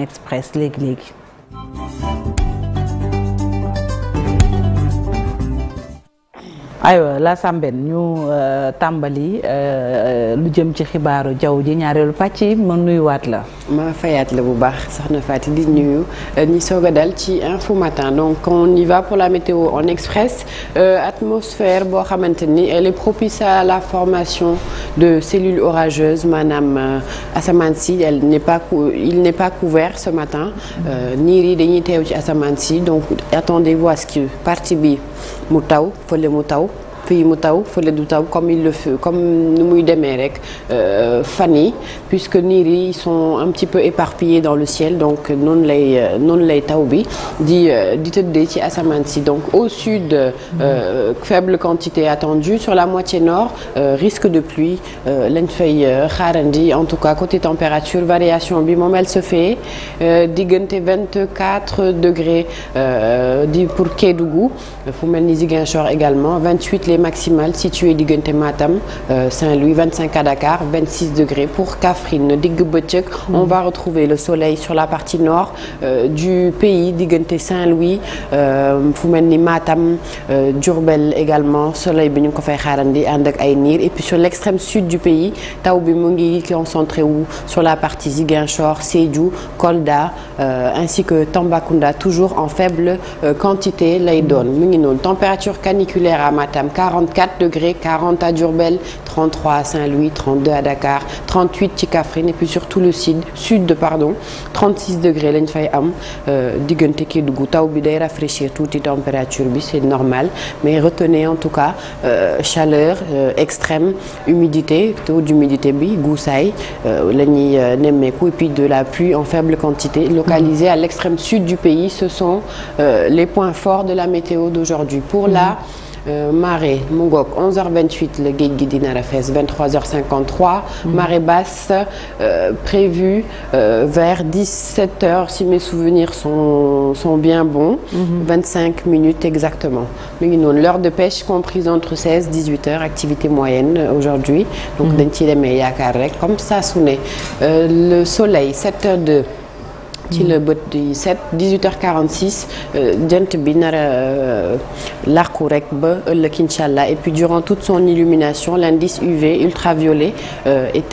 express léegi-léegi aywa la sàmben ñu euh, tàmbali euh, euh, lu jëm ci xibaaru jaww ji ñaareelu pàcc yi ma nuyuwaat la ma fayaat la bu baax soxna Faty di nuyu ñi soog dal ci info matin donc on y va pour la météo en express euh, boo xamante ni elle est la formation de cellules orageuses maanaam euh, asamaan si elle n'est pas il n'est pas couvert ce matin euh, niir yi dañuy teew ci asamaan si donc attendez-vous à ce que partie bi mu taw fële mu taw fii mu taw fële du taw comme il comme muy demee rek euh, fan yi puisque niir yi sont un petit peu éparpillés le ciel donc noonu lay euh, noonu lay taw bi di euh, di tëddee ci asamaan si donc au sud euh, faible quantité attendue sur la moitié nord euh, risque de pluie lañ fay xaarandi en tout cas côté température variation bi moom elle se fait diggante 24 degrés di pour Kédougou fu degrés maximales situé diggante Matam euh, Saint-Louis 25 à Dakar 26 degrés pour Kaffrine digg bëccëg. on va retrouver le soleil sur la partie nord euh, du pays diggante Saint-Louis euh, fu mel ni Matam Diourbel également soleil bi ñu ko fay xaarandi ànd ak ay niir et puis sur l'extrême sud du pays taw bi mu ngi concentré wu sur la partie Ziguinchor Sédhiou Kolda ainsi que Tambacounda toujours en faible quantité lay doon mu ngi noonu température caniculaire à Matam 44 degrés 40 à Diourbel 33 à Saint-Louis 32 à Dakar 38 ci Kaffrine et puis surtout le sud sud de pardon 36 degrés lañ fay am euh, diggante Kédougou taw bi day rafraîchir tuuti température bi c'est normal mais retenez en tout cas euh, chaleur euh, extrême humidité taux d'humidité bi guusaay euh, la ñuy euh, nemmeeku et puis de la pluie en faible quantité localisée à l'extrême sud du pays les points forts de la météo d'aujourd'hui pour la Euh, marée mu ngoog 11h28 la géej gi dina rafes 23h53. marée basse euh, prévue euh, vers 17h si mes souvenirs sont sont bien bons. 25 mm-hmm. minutes exactement mu ngi noonu l'heure de pêche comprise entre 16 18h activité moyenne aujourd'hui donc mm-hmm. dañ ciy demee yaakaar rek comme ça su ne le soleil 7 h ci la bët di set 18h46 euh, jant bi nar a euh, rek ba ëllëg incha allah et puis durant toute son illumination l'indice UV ultraviolet euh, est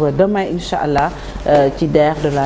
retrouve demain incha allah euh, ci DER de la